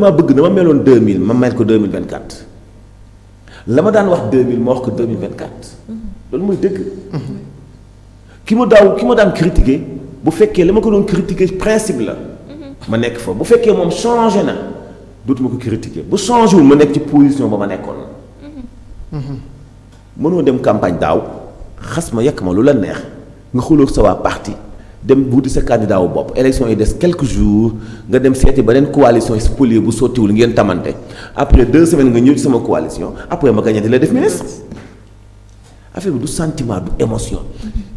Si bëgg dama meloon 2000 ma mel ko 2024 la ma daan wax 2000 ma wax ko 2024 loolu mooy dëgg. ki ma daaw ki ma daan critiquer bu ko critiquer principe la. ma nekk fa bu changé na critiquer bu ci position ba ma nekkoon. mënoo dem campagne je xas ma la neex nga parti dem wuti sa candidat wu bopp élection yi des quelques jours nga dem seeti beneen coalition spoliée bu sottiwul ngeen tamante après deux semaines nga ñëw ci sama coalition après ma gagné di la def ministre affaire bi du sentiment du émotion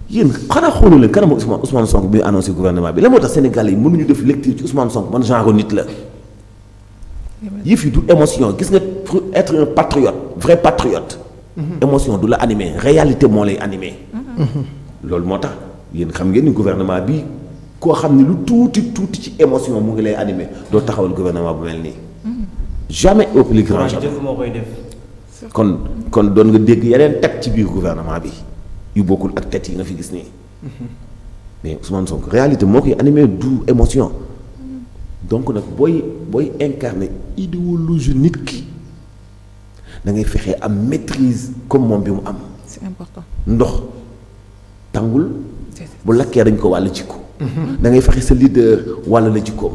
yéen xana xooloo le kanam Ousmane Ousmane Sonko bi annoncé gouvernement bi la motax tax Sénégalais yi mënuñu def lecture ci Ousmane Sonko man genre nit la yëf yi du émotion gis nga être un patriote vrai patriote mhm. émotion du la animé réalité moo lay animé mhm. loolu moo tax yéen xam ngeen ni gouvernement bi ko xamni lu touti touti ci émotion mo ngi lay animer do taxawal gouvernement bu mel nii. jamais au plus grand jamais moo koy def. kon kon doon nga deg yeneen teg ci biir gouvernement bi yu bokul ak teg yi nga fi gis ni mais Ousmane Sonko réalité moo koy animé du émotion. donc nag booy booy incarner idéologie nit ki da ngay fexe am maîtrise comme moom bi mu am. c'est important ndox tàngul bu laké dañ ko wàll jikko da ngay fexe sa leader wàll la jikkoom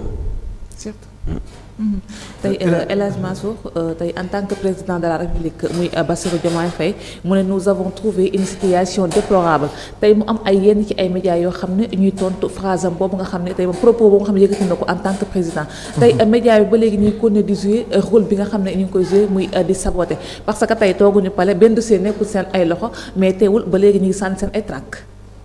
hmm. Hmm. tey tay euh, Hadj Massour euh, tay en tant que président de la République muy euh, Bassirou Diomaye Fay mu né nous avons trouvé une situation déplorable tay mu am ay yenn ci ay médias yo xamné ñuy tontu phrase am bobu nga xamné tay tey propos boobu nga xamné yëkëti nako en tant que président. Hmm. tay médias yi ba légui ñu connait continué di jouer rôle bi nga xamné ne ñu koy jouer muy di saboter parce que tay tey tooguñu pale benn dossier nekkul sen ay loxo mais téwul ba légui ñi ngi sen seen ay trac.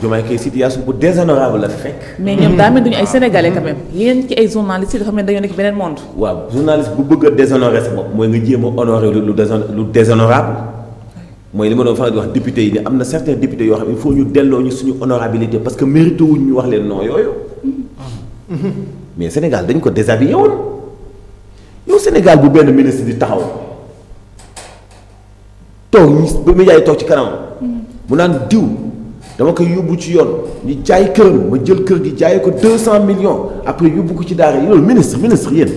Diomaye kay situation bu déshonorable la fi mais ñoom da mel duñu ay ah. sénégalais quand mm-hmm. même. yéen ci ay journalistes yoo xam dañu nek nekk monde. waaw journaliste bu bëgg déshonorer sa bopp mooy nga jéem honorer lu lu déshonorable moy li ma doon faral wax député yi ne am certains députés yo xam il faut ñu delloo ñu suñu honorabilité parce que mérité wuñ ñu wax leen non yooyu. Mm-hmm. mais Sénégal dañ ko déshabillé woon yow Sénégal bu benn ministre di taxaw toog bu média yi toog ci kanam. Mm-hmm. mu nan diw dama koy yóbbu ci yoon ñu jaay këram ma jël kër gi jaay ko 200 millions après yóbbu ko ci daara yi loolu ministre ministre yéen.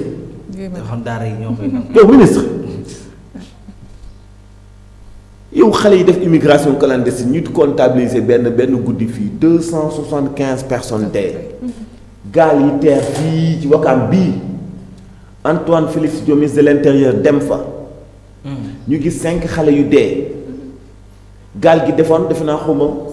nga xam daara yi ñoo koy yow ministre yow xale yi def immigration clandestine ñu comptabiliser benn benn guddi fii 275 personnes dee. gaal yi teer fii ci Wakaam bii Antoine Félix Diome ministre de l' intérieur dem fa. Hmm. ñu gis 5 xale yu dee. gaal gi defoon defe naa xuma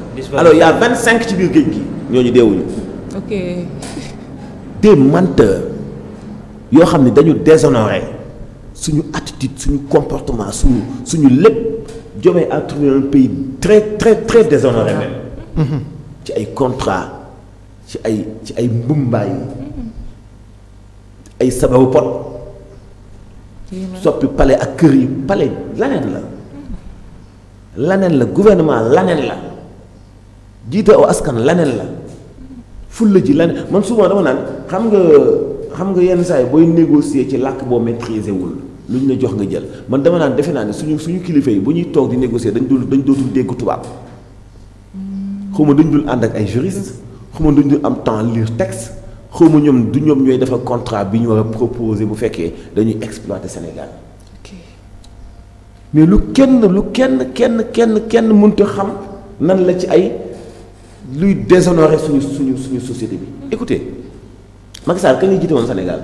alors il y a 25 qui biir qui ok. des menteurs ont sont déshonorés..! dañu nos attitudes, attitude suñu comportement suñu suñu Dieu trouvé un pays très très très déshonoré même. Mhm. ci ay contrat ci ay ci ay Tu ay peux pot. soppi palais ak kër palais Le mhm. gouvernement là jiite aw askan lanen la fulla ji lanen man souma dama naan xam nga xam nga yenn saay booy négocier lah ci làkk boo maitriser wul luñ la jox nga jël man dama naan defe naa ne suñu suñu kilifa yi bu ñuy toog di négocier dañ dul dañ dootul dégg tubaab xawma dañ dul ànd ak ay juriste xawma dañ dul am temps lire texte xawma ñoom du ñoom ñooy defa contrat bi ñu war a proposer bu fekkee dañuy exploiter sénégal mais lu kenn lu kenn kenn kenn kenn munta xam nan la ci ay Lui déshonorer son son son société bi écoutez Macky Sall kañ la jiite woon Sénégal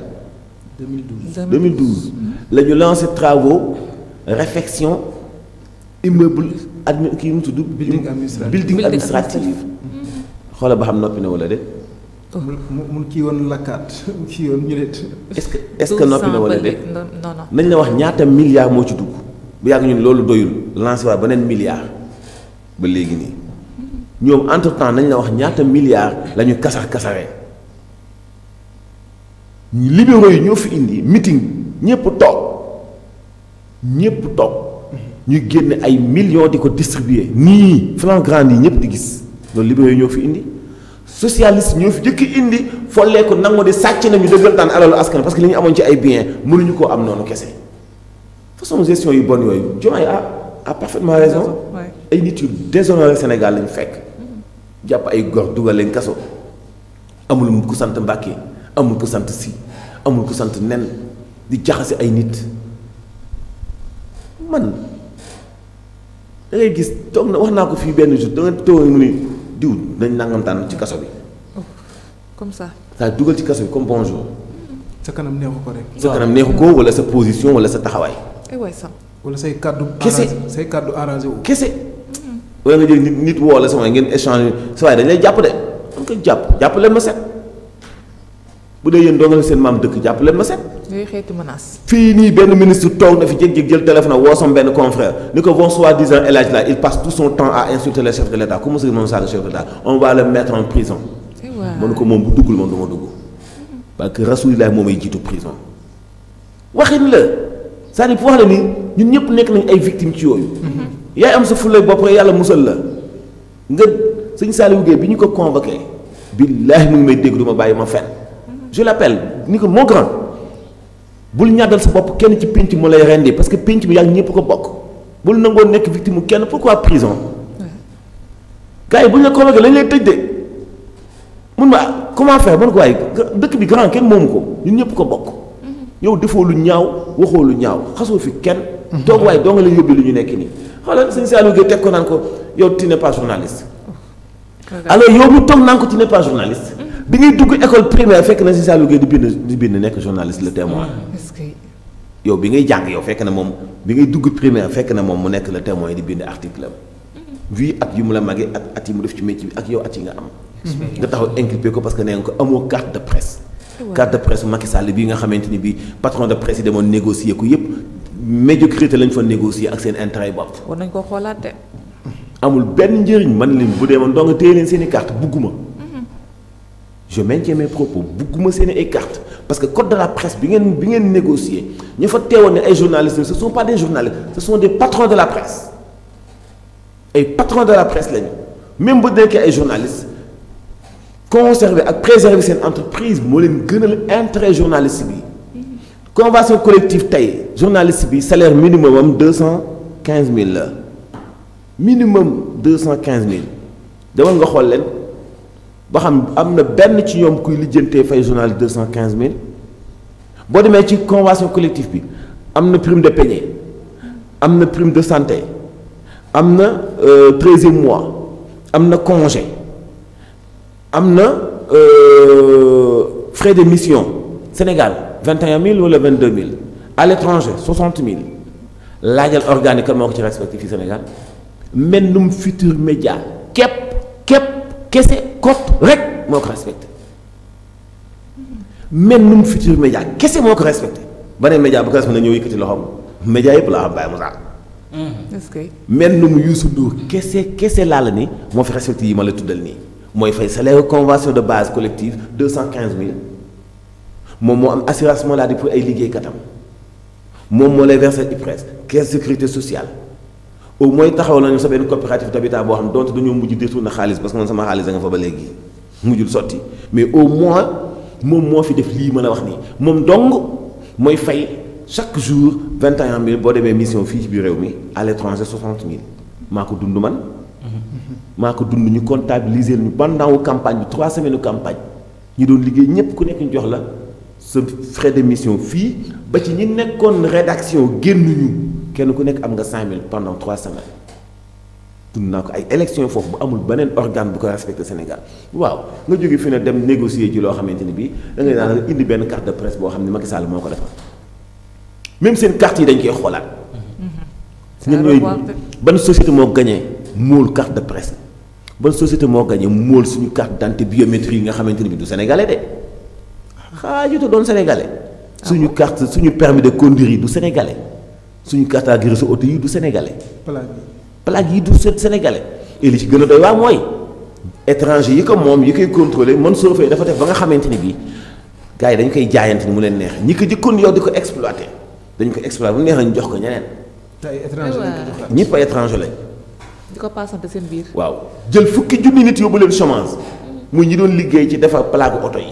2012 2012 la ñu travaux réfection immeuble admi kii mu tudd building building administratif xoolal ba xam noppi na wala de mu kii woon lakkaat kii woon ñu ne est-ce que est-ce que noppi na wala de nañ la wax ñaata milliards moo ci dugg bu yàgg ñun loolu doyul lancé waa beneen milliard ba léegi nii nous entre temps nañ la wax ñaata milliards la ñu kasar libéraux yi ñoo fi indi meeting ñëpp toog ñëpp toog Nous génne ay millions di ko distribuer Nous, avons yi ñëpp di gis loolu libéraux yi ñoo fi indi socialiste ñoo fi indi ko di sàcc parce que li ñu amoon ci ay biens mënuñu koo am noonu kese façon gestion yu bon yooyu a parfaitement raison ay nit yu déshonoré Sénégal lañu fekk jàpp ay góor dugal leen kaso amul ku sant Mbàkke amul ku sant si amul ku sant nen di jaxase ay nit man da ngay gis toog na wax naa ko fii benn jour da nga toog mu ni diw nañ nangamtaan ci kaso bi. Oh, comme ça. saa dugal ci kaso bi comme bonjour. sa kanam neexu ko rek. sa neexu ko wala sa position wala sa taxawaay. ay eh, waay wala say kàddu. kese say kàddu arrangé wu. kese. wala nga jël nit nit woo la sama ngeen échange sa waay dañ lay jàpp de dañ koy jàpp jàpp leen ma set bu dee yéen doo nga seen maam dëkk jàpp leen ma set. yooyu xeeti menace. fii nii benn ministre toog na fi jékki-jékki jël téléphone woo sama benn confrère ni ko bon soi-disant El Hadj là il passe tout son temps à insulter le chef de l'État ku mos a moom saa le chef de l'État on va le mettre en prison. waaw mën ko moom bu duggul moom du ma dugg. parce que rasulilah moom ay jiitu prison. waxin la c'est-à-dire pour wax la ni ñun ñëpp nekk nañ ay victimes ci yooyu. Mhm yaay am sa fulla bopp rek yàlla musal la nga sëñ Saliou Guèye bi ñu ko convoqué billahi mu ngi may dégg du ma bàyyi ma fen je l'appelle ni ko mon grand bul ñàddal sa bopp kenn ci pénc mu lay rendi parce que pénc bi yàgg ñëpp ko bokk bul nangoo nekk victime kenn pourquoi prison gars yi bu ñu la convoqué lañ lay tëj de mun ma comment faire man ko waaye dëkk bi grand kenn moomu ko ñun ñëpp ko bokk mhm. yow defoo lu ñaaw waxoo lu ñaaw xasoo fi kenn mhm. toog waaye doo nga la yóbbee lu ñu nekk nii xoolal sëñ Saliou Gueye teg ko naan ko yow tu n'es pas journaliste. alors yow mu toog naan ko tu n'es pas journaliste. Mm-hmm. bi ngay dugg école primaire fekk na sëñ Saliou Gueye di bind di bind nekk journaliste le témoin. Mm-hmm. yow bi ngay jàng yow fekk na moom bi ngay dugg primaire fekk na moom mu nekk le témoin di bind article am. Mm-hmm. vu at yu mu la màggee ak at yi mu def ci métier bi ak yow at yi nga am. nga taxaw inculpé ko parce que nee nga ko amoo carte de presse. carte de presse Macky Sall bii nga xamante ni bii patron de presse yi demoon négocier ko yépp médiocrité lañ fa négocier ak seen intérêt bopp. war nañ ko xoolaat de. amul benn njëriñ man leen bu dee man doo nga téye leen seen i carte bugguma mhm. je maintiens mes propos bugguma seen i ay carte parce que code de la presse bi ngeen bi ngeen négocier ñu fa teewoon ne ay journalistes ce sont pas des journalistes ce sont des patrons de la presse ay patrons de la presse lañu même bu nekkee ay journalistes conserver ak préserver seen entreprise moo leen gënal intérêt journaliste convention collective taille journaliste salaire minimum 215 000 minimum 215 000 demain nga xol am na ben ci ñom kuy lijeenté fay journal 215 000 bo demé ci convention collective bi a prime de y a prime de santé Il y a 13 mois am congé y a euh, frais de mission sénégal 21 000 le 22 000 à l'étranger 60 000 L'agent organique comment Sénégal futur média qu'est quest quest rek respecte respecté nous futur média qu'est-ce respecte média que ñëw nous média quest ce que. nous Youssou qu'est-ce salaire convention de base collective 215 000 mom mo am assurance maladie pour ay liguey katam mom mo lay verser IPRES caisse sécurité sociale au moins taxaw nañu sa ben coopérative d'habitat bo xam donte dañoo mujj détour na xaalis parce que man sama xaalis da nga fa ba légui mujjul sotti mais au moins mom mo fi def li meuna wax ni mom dong moy fay chaque jour vingt et un mille mission fi ci biir réew mi à l'étranger soixante mille maa ko man. mako ko dund ñu comptabiliser ñu pendant campagne bi trois semaines campagne ñu doon liggéey ñëpp ku nekk ñu jox la ce frais d'émission mission ba ci ñi nekkoon rédaction génnuñu kenn ku nekk am nga 5000 pendant 3 semaines tun naa ko ay élection fofu bu amul benen organe bu ko respecté Sénégal waaw nga jóge fi ne dem négocier ci lo xamanteni bi da ngay naan indi benn carte de presse bo xamni Macky Sall moko ko même seen carte yi dañ koy xoolaat. ñun ñooy ban société mo gagné mool carte de presse ban société mo gagné mool suñu carte d'identité biométrique nga xamanteni bi du sénégalais de tu doon sénégalais. suñu carte suñu permis de conduire yi du sénégalais suñu carte à grise auto yi du sénégalais. plaque yi du sénégalais. et li ci gën a doy waa mooy étranger yi ko moom yi koy contrôlé mën soo fay dafa def ba nga xamante ni bii gars yi dañu koy jaayante mu leen neex ñi ko jëkkoon yow di ko exploité dañu ko exploité bu neex ñu jox ko ñeneen. te étranger lañ ñëpp ay étranger lañ. di ko paasante seen biir. waaw jël fukki junni nit yóbbu leen chômage muy ñi doon liggéey ci defar plaque auto yi.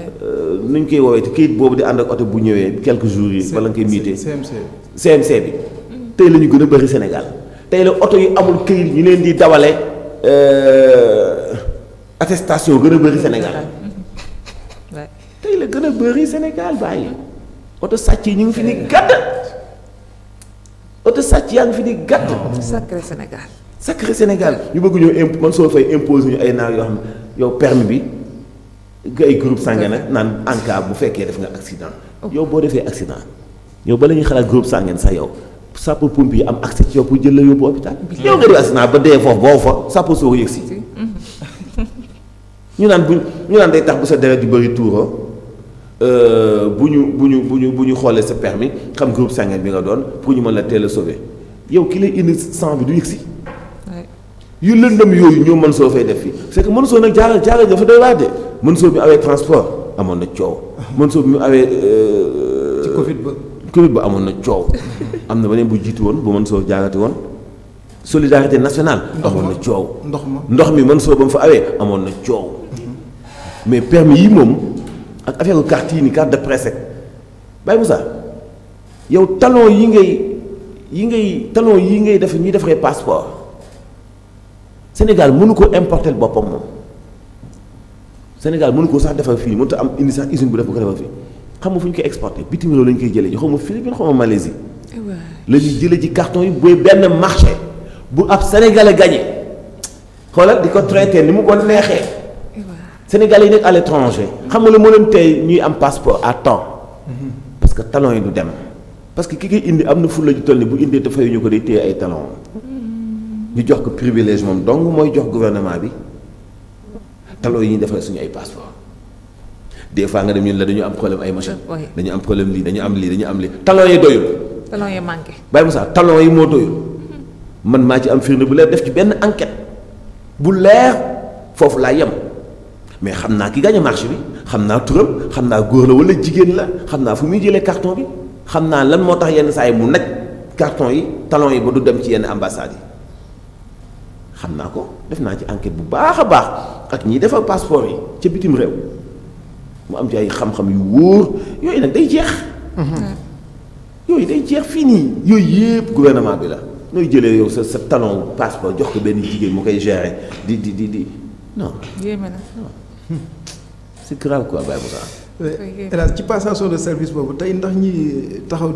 nuñ koy woowee te kayit boobu di ànd ak oto bu ñëwee quelques jours yi. wala nga koy miitee CMC CMC bi. tey la ñu gën a bëri Sénégal tey la oto yu amul kayit ñu leen di dawale euh, attestation gën a bëri Sénégal. tey la gën a bëri Sénégal bàyyi oto sàcc yi ñu ngi fi ni gàtt oto sàcc yaa ngi fi ni gàtt. sacré Sénégal. sacré Sénégal ñu bëgg ñoo imp man soo fay imposer ñu ay naaw yoo xam yow permis bi. ay groupe sànge nag naan en cas bu fekkee def nga accident. yow boo defee accident yow bala ñuy xalaat groupe sànge sax yow sapeur pompier am accès ci yow pour jël la yóbbu hôpital. Mm-hmm. yow nga def accident ba dee foofu boo fa sapeur soo yëg si. Mm-hmm. ñu naan bu ñu naan day tax bu sa deret di bëri tuuro ah. euh, bu ñu bu ñu bu ñu bu ñu xoolee sa permi xam groupe sanguin bi nga doon pour ñu mën la teel a sauver yow ki lay indi sang bi du yëg yu lëndëm yooyu ñoo mën soo fay def Mansour bi avec transport amone na coow bi avec euh ci Covid ba. Covid ba amone na amna am bu jiitu won bu Mansour jaagati won solidarité nationale. amoon na coow ndox ma ndox mi Mansour bam fa awé amone na mais permis yi mom ak affaire carte ni carte de presse rek Moussa yow talon yi ngay yi ngay talon yi ngay def ñuy defaree passeport Sénégal mënu ko importer boppam moom. Sénégal mënu ko sax defal fii mënta am indi sax usine bu def ko fii xam exporté koy Malaisie. carton yi marché bu sénégalais gagné traité ni mu ko sénégalais à l'étranger xam passeport à temps. Mm-hmm. parce que talon yi du dem. parce que ki koy indi am na toll ni bu ñu ko ay talon mm-hmm. jox ko privilège gouvernement taloo yi ñuy defaree suñu ay passeport des fois nga dem ñun la dañu am problème ay machine dañu am problème lii dañu am lii dañu am lii talon yi doyul. talon manqué. bàyyi ma sax talon yi moo doyul man maa ci am firnde bu leer def ci benn enquête bu leer foofu laa yem mais xam naa ki gagné marché bi xam naa turam xam naa góor la wala jigéen la xam naa fu muy jëlee carton bi xam naa lan moo tax yenn saa yi mu naj carton yi talon yi ba du dem ci yenn ambassades yi. xam ko def naa ci enquête bu baax a baax ak ñi defal passeport yi ci bitim réew mu am ci ay xam-xam yu wóor yooyu nag day jeex. Mm-hmm. yooyu day jeex fii nii yooyu yëpp gouvernement bi la nooy jëlee yow sa sa talon passeport jox ko benn jigéen mu koy gérer di di di di non. yéeme na non c'est grave quoi Baye Moussa. Euh, hélas ci passation de service boobu tey ndax ñi taxaw.